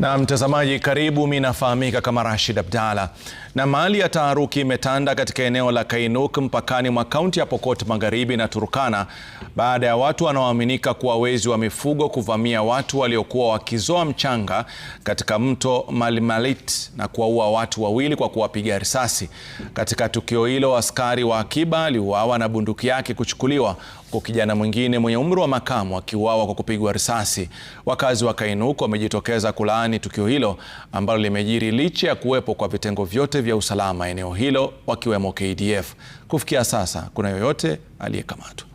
Na mtazamaji, karibu. mi nafahamika kama Rashid Abdalla. Na mali ya taharuki imetanda katika eneo la Kainuk mpakani mwa kaunti ya Pokot Magharibi na Turkana baada ya watu wanaoaminika kuwa wezi wa mifugo kuvamia watu waliokuwa wakizoa mchanga katika mto Malmalit na kuwaua watu wawili kwa kuwapiga risasi. Katika tukio hilo, askari wa akiba aliuawa na bunduki yake kuchukuliwa, huku kijana mwingine mwenye umri wa makamu akiuawa kwa kupigwa risasi. Wakazi wa Kainuk wamejitokeza kulaani kulaani tukio hilo ambalo limejiri licha ya kuwepo kwa vitengo vyote vya usalama eneo hilo wakiwemo KDF. Kufikia sasa kuna yoyote aliyekamatwa?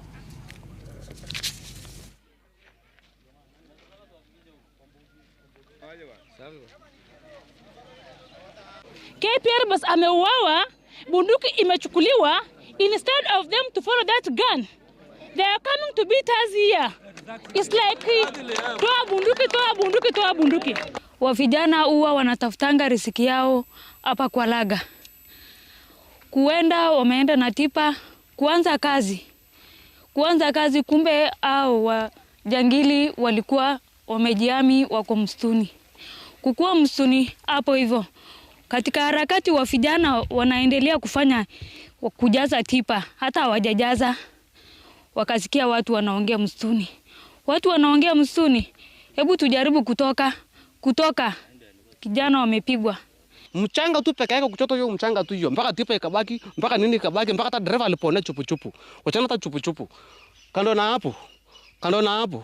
KPR bas ameuawa, bunduki imechukuliwa. Instead of them to follow that gun they are coming to beat us here. It's like toa bunduki, toa bunduki, toa bunduki wa vijana huwa wanatafutanga riziki yao hapa kwa Laga, kuenda wameenda na tipa kuanza kazi, kuanza kazi, kumbe au wajangili walikuwa wamejiami wako msituni, kukuwa msituni hapo hivyo. Katika harakati wa vijana wanaendelea kufanya kujaza tipa, hata hawajajaza wakasikia watu wanaongea msituni, watu wanaongea msituni, hebu tujaribu kutoka kutoka kijana wamepigwa mchanga tu peke yake, kuchota hiyo mchanga tu hiyo mpaka tipa ikabaki mpaka nini ikabaki mpaka hata dereva alipona chupu wachana hata chupu Kando na hapo, kando na hapo,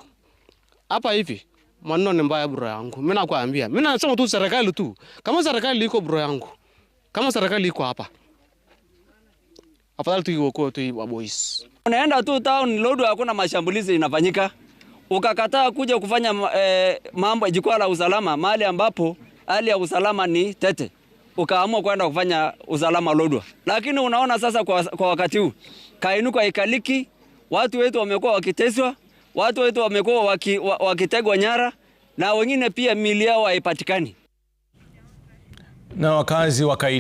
hapa hivi maneno ni mbaya, bro yangu, mimi nakwambia, mimi nasema tu serikali tu, kama serikali iko bro yangu, kama serikali iko hapa, afadhali tu iwokoe tu boys, unaenda tu town load, hakuna mashambulizi inafanyika ukakataa kuja kufanya eh, mambo jukwaa la usalama mahali ambapo hali ya usalama ni tete, ukaamua kwenda kufanya usalama Lodwar. Lakini unaona sasa kwa, kwa wakati huu kainuka ikaliki, watu wetu wamekuwa wakiteswa, watu wetu wamekuwa waki, wakitegwa nyara na wengine pia mili yao haipatikani na wakazi wakaitwa